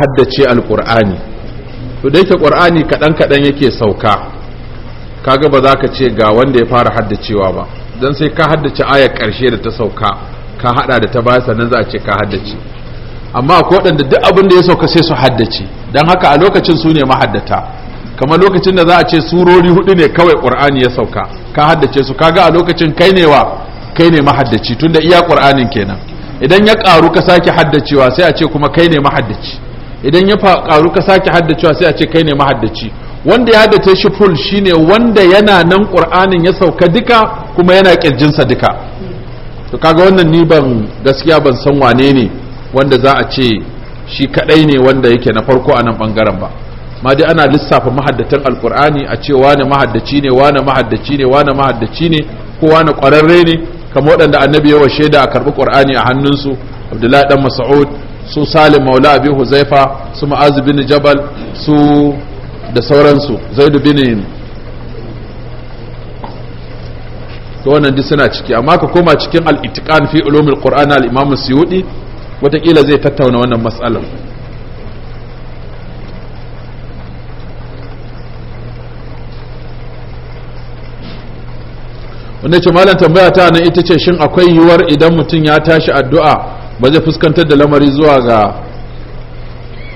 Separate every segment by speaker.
Speaker 1: haddace alkur'ani to da yake ƙur'ani kaɗan-kaɗan yake sauka kaga ba za ka ce ga wanda ya fara haddacewa ba dan sai ka haddace ayar ƙarshe da ta sauka ka haɗa da ta baya sannan za a ce ka haddace amma akwai waɗanda duk abin da ya sauka sai su haddace dan haka a lokacin su ne mahaddata kamar lokacin da za a ce surori hudu ne kawai ƙur'ani ya sauka ka haddace su kaga a lokacin kai ne wa kai ne mahaddaci tunda iya ƙur'anin kenan idan ya karu ka sake haddacewa sai a ce kuma kai ne mahaddaci idan ya karu ka sake haddacewa sai a ce kai ne mahaddaci wanda ya haddace shi ful shine wanda yana nan qur'anin ya sauka duka kuma yana kirjinsa duka to kaga wannan ni ban gaskiya ban san wane ne wanda za a ce shi kadai ne wanda yake na farko a nan bangaren ba ma dai ana lissafa mahaddatan alqur'ani a ce wane mahaddaci ne wane mahaddaci ne wane mahaddaci ne ko wane kwararre ne kamar waɗanda annabi yawa shaida a karɓi qur'ani a hannunsu abdullahi dan mas'ud su salim maula abi huzaifa su Ma'azi bin jabal su da sauransu zaidu bin to wannan duk suna ciki amma ka koma cikin al'itikan fi ulumul qur'an al-imam suyudi watakila zai tattauna wannan matsalar wanda ce malam tambaya ta ita ce shin akwai yiwuwar idan mutum ya tashi addu'a ba zai fuskantar da lamari zuwa ga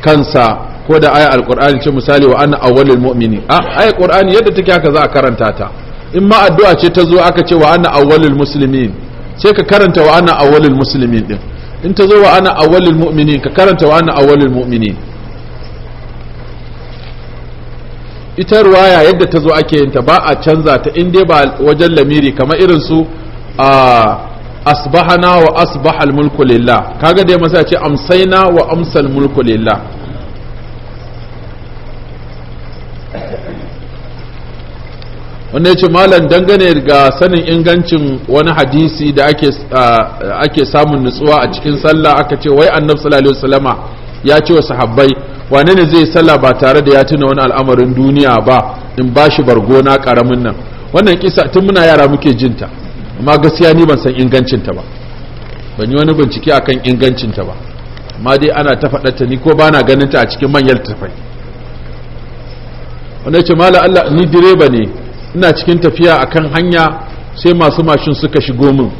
Speaker 1: kansa ko da aya alqur'ani ce misali wa anna awwalul mu'mini a aya qur'ani yadda take haka za a karanta ta in ma addu'a ce ta zo aka ce wa anna awwalul muslimin sai ka karanta wa anna awwalul muslimin din in ta zo wa anna awwalul mu'minin ka karanta wa anna awwalul mu'minin ita ruwaya yadda ta zo ake yin ta ba a canza ta in dai ba wajen lamiri kamar irin su a asbahana wa asbahal mulku lillah kaga dai masa ce amsaina wa amsal mulku lillah wanda ya ce malam dangane ga sanin ingancin wani hadisi da ake, ake samun nutsuwa a cikin sallah aka ce wai annabi sallallahu alaihi wasallama ya ce wa sahabbai wane ne zai sallah ba tare da ya tuna wani al'amarin duniya ba in bashi bargona karamin nan wannan kisa tun muna yara muke jinta amma gaskiya ni ban san ingancinta ba ban yi wani bincike akan ingancinta ba amma dai ana ta faɗarta ni ko ba na ganin ta a cikin manyan tafai wanda ce mala Allah ni direba ne ina cikin tafiya akan hanya sai masu mashin suka shigo min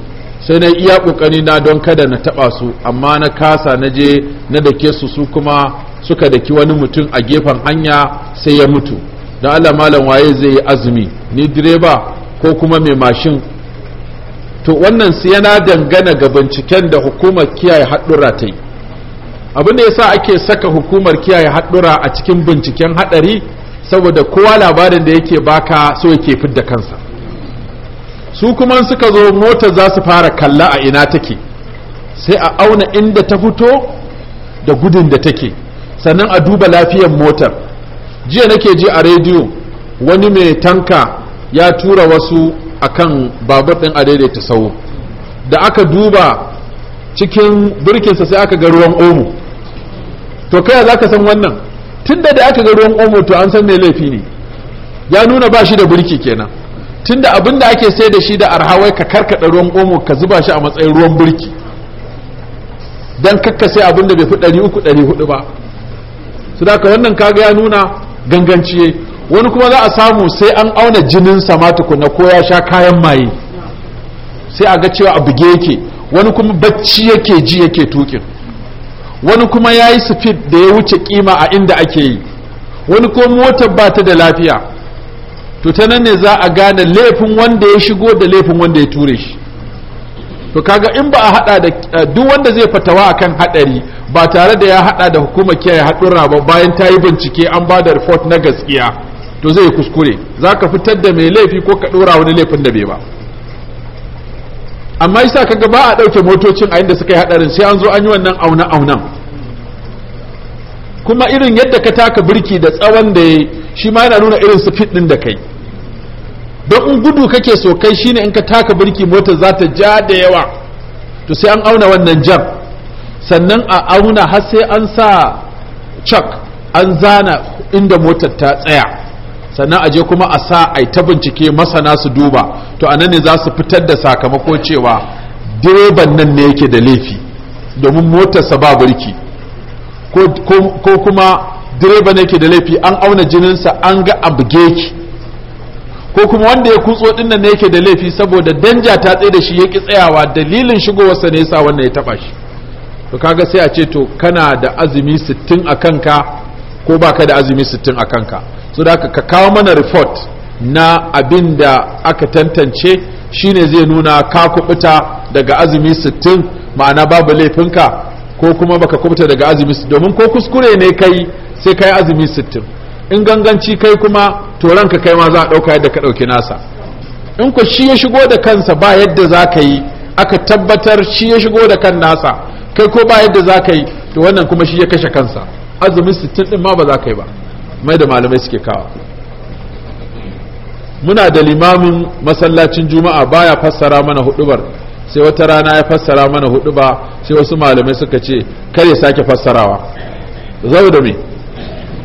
Speaker 1: sai na iya kokari na don kada na taba su amma na kasa na je na dake su su kuma suka daki wani mutum a gefen hanya sai ya mutu da Allah malam waye zai yi azumi ni direba ko kuma mai mashin to wannan su yana dangana ga binciken da hukumar kiyaye haɗura ta yi abin ya sa ake saka hukumar kiyaye haɗura a cikin binciken haɗari saboda kowa labarin da yake baka so yake fidda kansa su kuma suka zo motar za su fara kalla a ina take sai a auna inda ta fito da gudun da take sannan a duba lafiyar motar jiya nake ji a rediyo wani mai tanka ya tura wasu akan babur din a daidaita sau da aka duba cikin birkinsa sai aka ga ruwan omo to kai za ka san wannan tunda da aka ga ruwan omo to an san mai laifi ne ya nuna ba shi da birki kenan tunda abin da ake sai da shi da arhawai ka karkada ruwan omo ka zuba shi a matsayin ruwan birki dan kakka sai abin da bai fi ɗari uku ba su da wannan kaga ya nuna ganganci wani kuma za a samu sai an auna jinin sama tukuna ko ya sha kayan maye sai a ga cewa a buge yake wani kuma bacci yake ji yake tukin wani kuma ya yi speed da ya wuce kima a inda ake yi wani kuma motar ba ta da lafiya to ta nan ne za a gane laifin wanda ya shigo da laifin wanda ya ture shi to kaga in ba a hada da eh, duk wanda zai fatawa akan hadari ba tare da ya hada da hukumar kiyaye hadurra ba bayan ta yi bincike an ba da report na gaskiya to zai kuskure za ka fitar da mai laifi ko ka ɗora wani laifin da bai ba amma yasa ka gaba a ɗauke motocin a inda suka yi haɗarin sai an zo an yi wannan auna aunan kuma irin yadda ka taka birki da tsawon da ya shi ma yana nuna irin sufit ɗin da kai don in gudu kake so kai shine in ka taka birki motar za ta ja da yawa to sai an auna wannan jam sannan a auna har sai an sa chuck an zana inda motar ta tsaya sannan aje kuma a sa a ta bincike masana su duba to anan ne za su fitar da sakamako cewa direban nan ne yake da laifi domin motarsa ba burki ko kuma direban yake da laifi an auna jinin sa an ga abuge ki ko kuma wanda ya kutso ɗinnan ne yake da laifi saboda danja ta tsaye da shi ya ki tsayawa dalilin shigowarsa ne yasa wannan ya taba shi to kaga sai a ce to kana da azumi 60 a kanka ko baka da azumi 60 a kanka so da ka kawo mana report na abin da aka tantance shine zai nuna ka kubuta daga azumi 60 ma'ana babu laifinka ko kuma baka kubuta daga azumi domin ko kuskure ne kai sai kai azumi 60 in ganganci kai kuma to ranka kai ma za a ɗauka yadda ka ɗauki nasa in ku shi ya shigo da kansa ba yadda za ka yi aka tabbatar shi ya shigo da kan nasa kai ko ba yadda za ka yi to wannan kuma shi ya kashe kansa azumin sittin din ma ba za ka yi ba mai da malamai suke kawo muna da limamin masallacin juma'a baya fassara mana hudubar sai wata rana ya fassara mana huduba sai wasu malamai suka ce kare sake fassarawa zau da me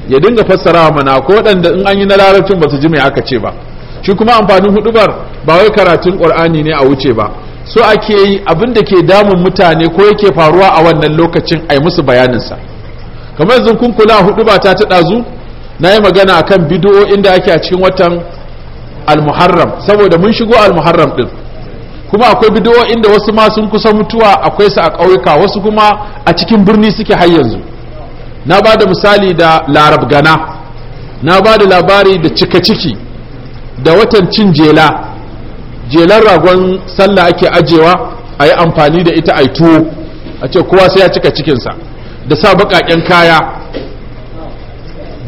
Speaker 1: ya dinga fassarawa mana ko waɗanda in an yi na larabcin ba su ji mai aka ce ba shi kuma amfanin hudubar ba wai karatun qur'ani ne a wuce ba so ake yi abin da ke damun mutane ko yake faruwa a wannan lokacin ai musu bayaninsa kamar yanzu kun kula ta ta ɗazu na yi magana a kan bidiyo inda ake a cikin watan almuharram saboda mun shigo almuharram ɗin kuma akwai in da wasu ma sun kusa mutuwa akwai su a ƙauyuka wasu kuma a cikin birni suke har yanzu na ba da misali da larab gana na ba da labari da cika ciki da watan cin jela jelar ragon sallah ake ajewa a yi amfani da ita a yi tuwo a ce kowa sai ya cika cikinsa da sa baƙaƙen kaya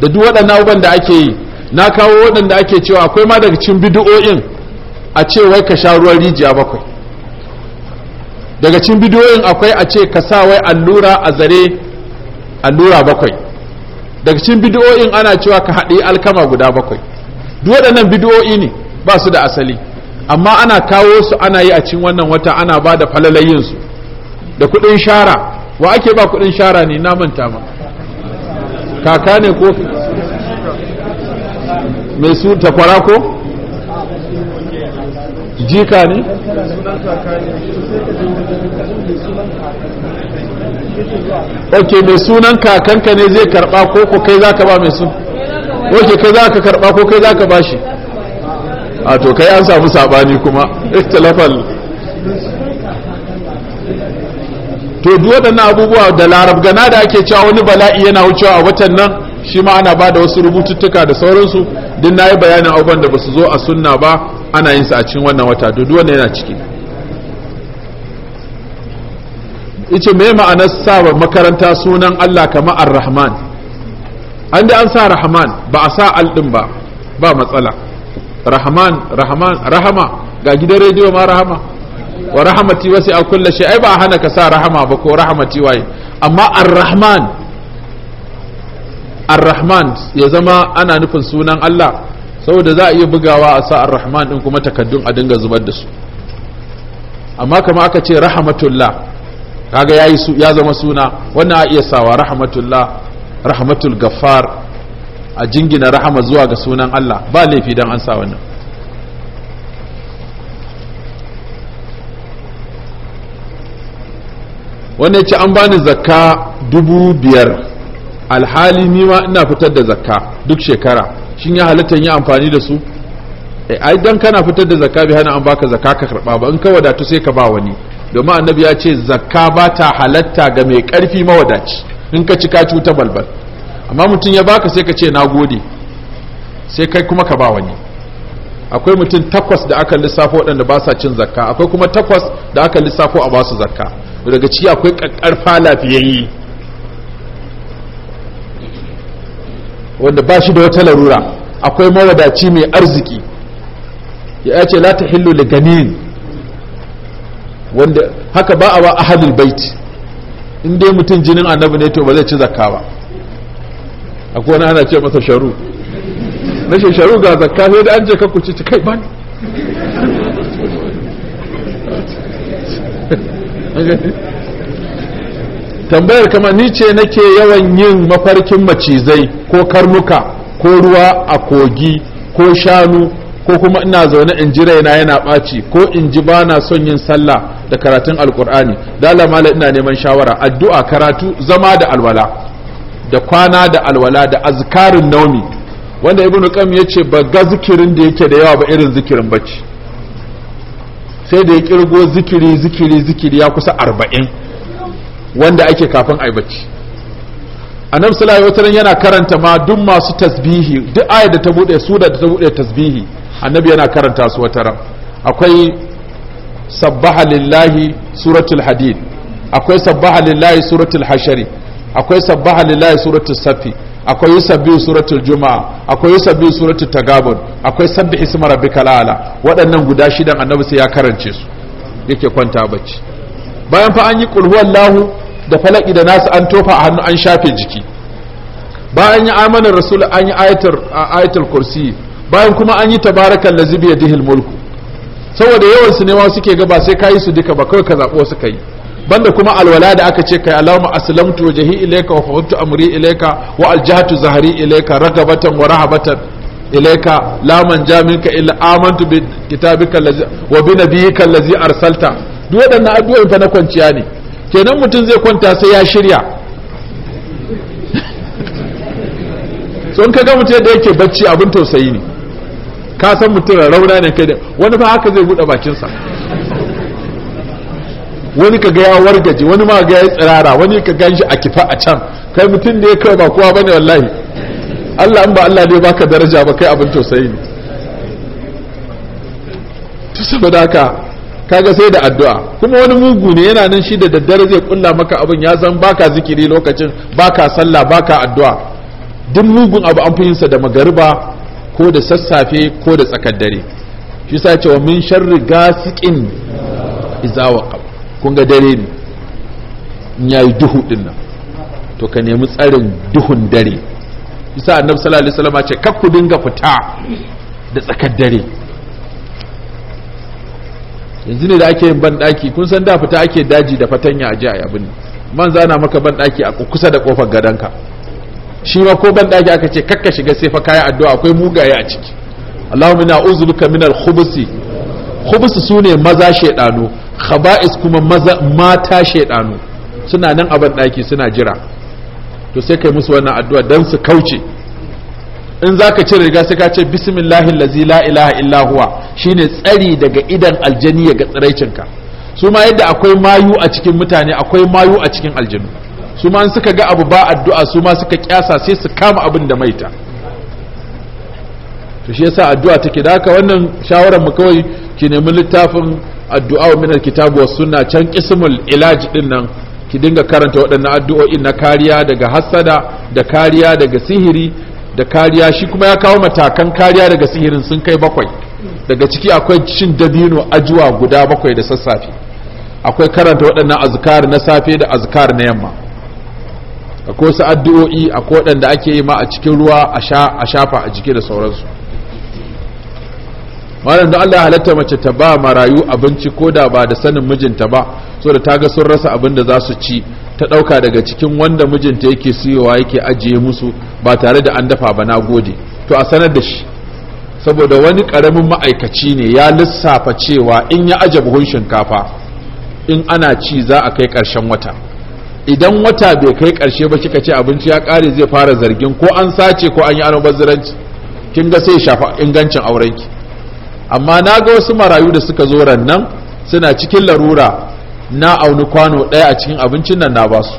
Speaker 1: da duk waɗannan abubuwan da ake yi na kawo waɗanda ake cewa akwai ma daga cikin bidiyoyin a ce wai ka sha ruwan rijiya bakwai daga cikin bidiyoyin akwai a ce ka sa wai allura a zare allura bakwai daga cikin bidiyoyin ana cewa ka haɗi alkama guda bakwai duk waɗannan bidiyoyi ne ba su da asali amma ana kawo su ana yi a cikin wannan wata ana ba da falalayin da kuɗin shara wa ake ba kuɗin shara ne na manta ma kaka ne ko mai su takwara ko
Speaker 2: jika ne ok mai
Speaker 1: sunan kakanka ne zai karba ko ko kai za ka ba mai sun ok kai za ka karba ko kai za ka ba shi a to kai an samu sabani kuma ikhtilafal to duk waɗannan abubuwa da larabgana da ake cewa wani bala'i yana wucewa a watan nan shi ma ana ba da wasu rubututtuka da sauransu duk na yi bayanin abubuwan da ba su zo a sunna ba ana yin su a cikin wannan wata duk wannan yana ciki ice me ma'anar sa makaranta sunan Allah kamar ar-Rahman an da an sa Rahman ba a sa al din ba ba matsala Rahman Rahman Rahama ga gidan rediyo ma Rahama wa rahmati wasi a kulle shi ai ba hana ka sa rahama ba ko rahmati waye amma ar-rahman ya zama ana nufin sunan Allah saboda za a iya bugawa a sa ar-rahman din kuma takaddun a dinga zubar da su amma kama aka ce rahmatullah kaga yayi su ya zama suna wannan a iya sawa rahmatullah rahmatul gaffar a jingina rahama zuwa ga sunan Allah ba laifi dan an sa wannan wanda ya ce an bani zakka dubu biyar alhali ni ma ina fitar da zakka duk shekara shin ya halitta yi amfani da su eh, ai dan kana fitar da zakka bi hana an baka zakka ka karba ba in ka wadatu sai ka ba wani domin annabi ya ce zakka ba ta halatta ga mai karfi mawadaci in ka cika ka cuta balbal amma mutum ya baka sai ka ce na gode sai kai kuma ka ba wani akwai mutum takwas da aka lissafo waɗanda ba sa cin zakka akwai kuma takwas da aka lissafo a ba su zakka daga ciki akwai ƙarfa lafiyayyi wanda ba shi da wata larura akwai mawadaci mai arziki ya ce la ta hillu da ganin wanda haka ba a wa ahalul bait in dai mutum jinin annabi ne to ba zai ci zakka ba a wani ana ce masa sharu na sharu ga zakka sai da an je kakku ci kai ba ne tambayar kama ni ce nake yawan yin mafarkin macizai ko karnuka ko ruwa a kogi ko shanu ko kuma ina zaune in ji raina yana ɓaci ko in ji ba na son yin sallah da karatun alkur'ani dala mala ina neman shawara addu'a karatu zama da alwala da kwana da alwala da azkarin naumi wanda ibnu qayyim yace ba ga zikirin da yake da yawa ba irin zikirin bacci sai da ya kirgo zikiri zikiri zikiri ya kusa arba'in wanda ake kafin yi bacci annabi sallallahu alaihi wasallam yana karanta ma duk masu tasbihi duk aya da ta bude su da ta bude tasbihi annabi yana karanta su ran akwai sabbaha lillahi suratul hadid akwai sabbaha lillahi suratul hashari akwai sabbaha lillahi suratul safi akwai biyu suratul juma'a akwai biyu suratul tagabun akwai sabbi isma rabbikal ala waɗannan guda shidan annabi sai ya karance su yake kwanta bacci bayan fa an yi qul huwallahu da falaki da nasu an tofa a hannu an shafe jiki bayan yi amanar rasul an yi ayatul kursi bayan kuma an yi tabarakal ladzi bi yadihil mulku saboda yawan su ne suke ga ba sai yi su duka ba kawai ka zabo su kai banda kuma alwala da aka ce kai allahumma aslamtu wajhi ilayka wa fawwatu amri ilayka wa aljahtu zahri ilayka ragabatan wa rahabatan ilayka la man jaminka illa amantu bi kitabika allazi wa bi nabiyyika allazi arsalta duk waɗannan addu'o'in fa na kwanciya ne kenan mutum zai kwanta sai ya shirya so in ka ga mutum da yake bacci abin tausayi ne ka san mutum rauna ne kai wani fa haka zai buɗe bakinsa wani ka ga ya wargaje wani ma ga ya tsirara wani ka gan shi a kifa a can kai mutum da ya kai ba kowa bane wallahi Allah in ba Allah ne baka daraja ba kai abin tausayi ne to saboda haka kaga sai da addu'a kuma wani mugu ne yana nan shi da daddare zai kulla maka abin ya zan baka zikiri lokacin baka sallah baka addu'a duk mugun abu an fi yinsa da magariba ko da sassafe ko da tsakar dare shi sa cewa min sharri gasiqin iza kun ga dare ne in ya yi duhu din nan to ka nemi tsarin duhun dare isa annabi sallallahu alaihi ce kar ku dinga fita da tsakar dare yanzu ne da ake yin ban daki kun san da fita ake daji da fatanya a jiya abin man zana maka ban daki a kusa da kofar gadonka shi ma ko ban daki aka ce kakka shiga sai fa kayan addu'a akwai mugaye a ciki Allahumma ina uzuruka min al-khubusi khubusi sune maza shedanu khaba'is kuma maza mata shaidanu suna nan a ban daki suna jira to sai kai musu wannan addu'a dan su kauce in zaka cire riga sai ka ce bismillahil ladzi la ilaha illa huwa shine tsari daga idan aljani ga tsiraicinka su ma yadda akwai mayu a cikin mutane akwai mayu a cikin aljinu su ma suka ga abu ba addu'a su ma suka kyasa sai su kama abin da maita to shi yasa addu'a take da haka wannan shawaran mu kawai ki nemi littafin addu'a min alkitabu was sunna can qismul ilaj din nan ki dinga karanta waɗannan addu'o'i na kariya daga hassada da kariya daga sihiri da kariya shi kuma ya kawo matakan kariya daga sihirin sun kai bakwai daga ciki akwai cin dabino ajuwa guda bakwai da sassafe akwai karanta waɗannan azkar na safe da azkar na yamma akwai wasu addu'o'i akwai waɗanda ake yi ma a cikin ruwa a shafa a jiki da sauransu wannan da Allah ya halatta mace ta ba marayu abinci ko da ba da sanin mijinta ba so da ta ga sun rasa abin da za su ci ta ɗauka daga cikin wanda mijinta yake siyowa yake ajiye musu ba tare da an dafa ba na gode to a sanar da shi saboda wani ƙaramin ma'aikaci ne ya lissafa cewa in ya aje buhun shinkafa in ana ci za a kai ƙarshen wata idan wata bai kai ƙarshe ba kika ce abinci ya ƙare zai fara zargin ko an sace ko an yi almubazzaranci kin ga sai shafa ingancin aurenki amma na ga wasu marayu da suka zo nan suna cikin larura na auni kwano ɗaya a cikin abincin nan na basu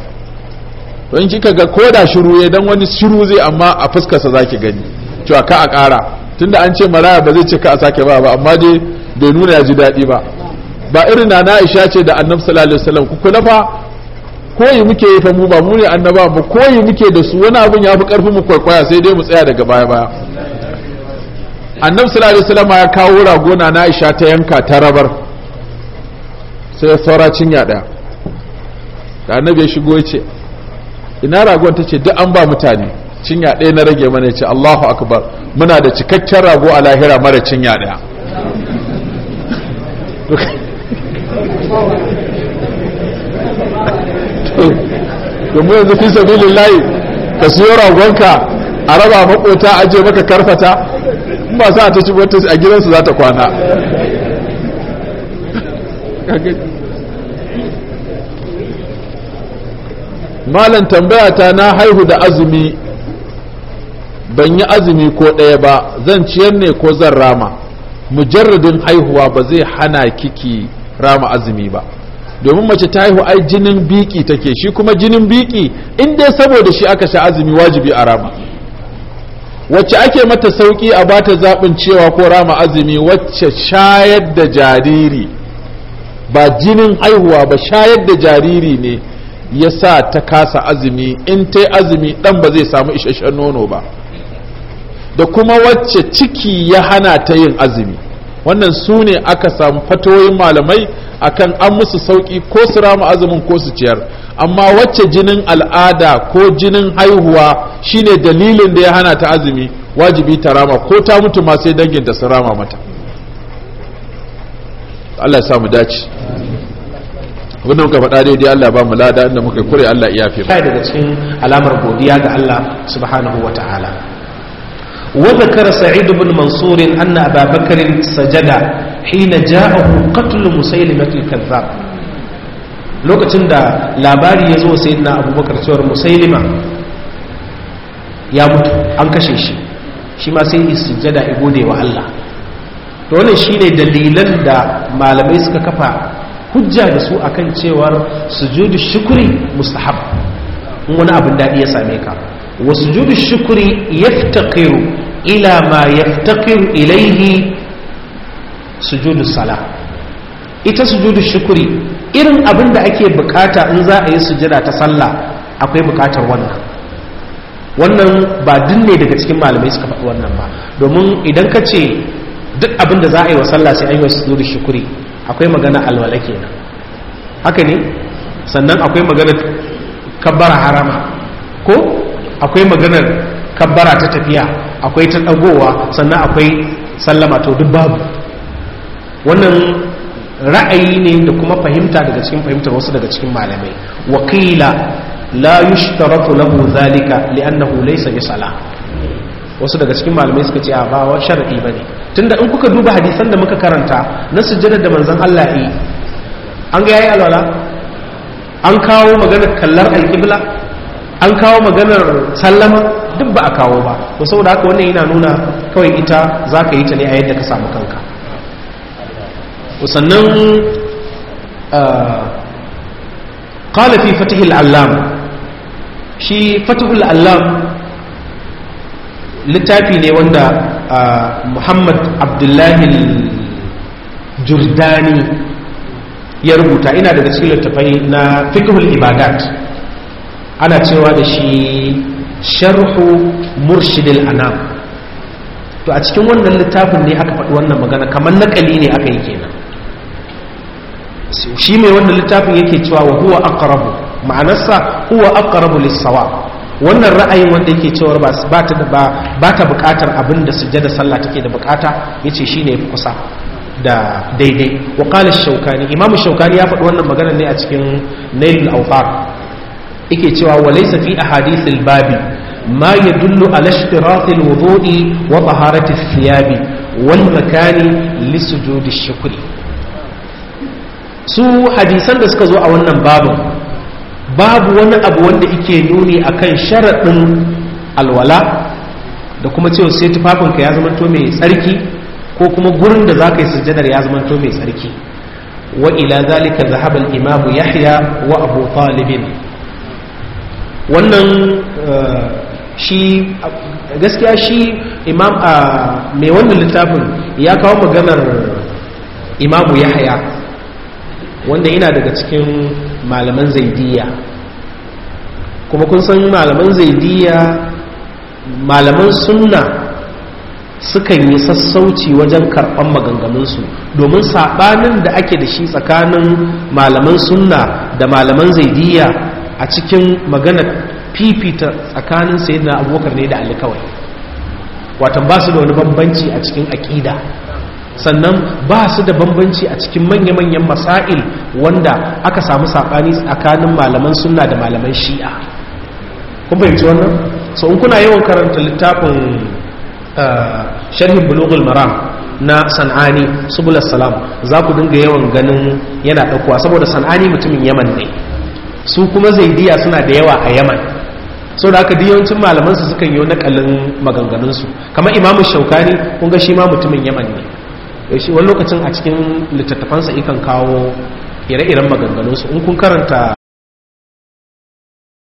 Speaker 1: to in kika ga ko da shiru ya dan wani shiru zai amma a fuskarsa zaki gani cewa ka a ƙara tunda an ce maraya ba zai ce ka a sake ba ba amma dai bai nuna ya ji daɗi ba ba irin na na isha ce da annabi sallallahu alaihi wasallam ku kula fa koyi muke yi fa mu ba mu ne annaba mu koyi muke da su wani abin ya fi karfin mu kwaikwaya sai dai mu tsaya daga baya baya annabi sallallahu alaihi wasallam ya kawo ragona na Aisha ta yanka ta rabar sai ya saura cinya daya da annabi ya shigo ya ce ina ragon ta ce duk an ba mutane cinya ɗaya na rage mana ya ce Allahu akbar muna da cikakken rago a lahira mara cinya ɗaya domin yanzu fi sabilin layi ka siyo ragonka a raba makota aje maka karfata in ba sa ta ci wata a gidansu za ta kwana malam tambaya ta na haihu da azumi ban yi azumi ko ɗaya ba zan ciyar ne ko zan rama mujarradin haihuwa ba zai hana kiki rama azumi ba domin mace ta haihu ai jinin biki take shi kuma jinin biki in dai saboda shi aka sha azumi wajibi a rama wacce ake mata sauƙi a bata zaɓin cewa ko rama azumi wacce shayar da jariri ba jinin haihuwa ba shayar da jariri ne ya sa ta kasa azumi in ta azumi ɗan ba zai samu isasshen nono ba da kuma wacce ciki ya hana ta yin azumi wannan su ne aka samu fatoyin malamai akan an musu sauki ko su rama azumin ko su ciyar amma wacce jinin al'ada ko jinin haihuwa shine dalilin da ya hana ta azumi wajibi ta rama ko ta mutu ma sai dangin ta su rama mata Allah ya samu dace wannan da muka
Speaker 2: faɗa daidai Allah ba mu lada inda muka kure Allah iya fi daga cikin alamar godiya ga Allah subhanahu wa وذكر سعيد بن منصور أن أبا بكر سجد حين جاءه قتل مسيلمة الكذاب lokacin da labari ya zo sai na abubakar cewar musailima ya mutu an kashe shi shi ma sai isujada ya gode wa Allah to shine dalilan da malamai suka kafa hujja da su akan cewar sujudu shukuri mustahab in wani abun daɗi ya same ka wa sujudu shukuri yaftaqiru ila ma yaftaqiru ilaihi sujudu sala ita sujudu shukuri irin abin da ake bukata in za a yi sujada ta sallah akwai bukatar wannan wannan ba duk ne daga cikin malamai suka faɗi wannan ba domin idan ka ce duk abin da za a yi wa sallah sai an yi shukuri akwai magana alwala kenan haka ne sannan akwai magana kabbara harama ko akwai maganar kabbara ta tafiya akwai ta dagowa sannan akwai sallama to duk babu wannan ra'ayi ne da kuma fahimta daga cikin fahimtar wasu daga cikin malamai wakila la yushtaratu lahu zalika li'annahu laysa bi sala wasu daga cikin malamai suka ce a ba wa shar'i bane tunda in kuka duba hadisan da muka karanta na sujjada da manzon Allah yi an ga yayi alwala an kawo maganar kallar alqibla an kawo maganar sallama duk ba a kawo ba to saboda haka wannan yana nuna kawai ita za ka yi ta ne a yadda ka samu kanka sannan ƙalafi ah, fatihul allam shi fatihul allam littafi ne wanda ah, muhammad abdullahi jurdani ya rubuta ina daga cikin littafai na fikihul ibadat ana cewa da shi sharhu murshidil anam to a cikin wannan littafin ne aka faɗi wannan magana kamar nakali ne aka yi kenan shi mai wannan littafin yake cewa wa huwa aqrabu ma'anarsa huwa aqrabu lis-sawab wannan ra'ayin wanda yake cewa ba ta da ba ta bukatar abin da sujjada sallah take da bukata yace shi ne kusa da daidai wa qala shaukani imamu shaukani ya faɗi wannan magana ne a cikin nailul awfar yake cewa walaysa fi ahadithil babi ma yadullu ala ishtiratil wudu'i wa taharati thiyabi wal makani li sujudi shukri su hadisan da suka zo a wannan babu babu wani abu wanda yake nuni akan sharadin alwala da kuma cewa sai tufafinka ya zama to mai tsarki ko kuma gurin da za ka yi sujjadar ya zama to mai tsarki wa ila zalika zahaba al-imamu yahya wa abu talibin wannan eh, shi gaskiya shi imam a ah, mai wannan littafin ya kawo maganar imamu yahaya wanda yana daga cikin malaman zaidiya kuma kun san malaman zaidiya malaman sunna sukan yi sassauci wajen karɓar maganganunsu domin saɓanin da ake da shi tsakanin malaman sunna da malaman zaidiya a cikin maganar fifita tsakanin na abubakar ne da ali kawai watan ba su da wani bambanci a cikin aƙida sannan ba su da bambanci a cikin manya-manyan masail wanda aka samu saɓani tsakanin malaman suna da malaman shi'a kun fahimci wannan so in kuna yawan karanta littafin eh, sharhin bulugul maram na san'ani subulassalam salam za ku dinga yawan ganin yana ɗaukuwa saboda san'ani mutumin yaman ne su kuma zaidiya suna da yawa a yaman sau da aka diyawancin malamansu sukan yi nakalin maganganunsu Kama imamu shaukani kun ga shi ma mutumin yaman ne eh, wani lokacin a cikin littattafansa ikan kawo ire-iren maganganunsu in kun karanta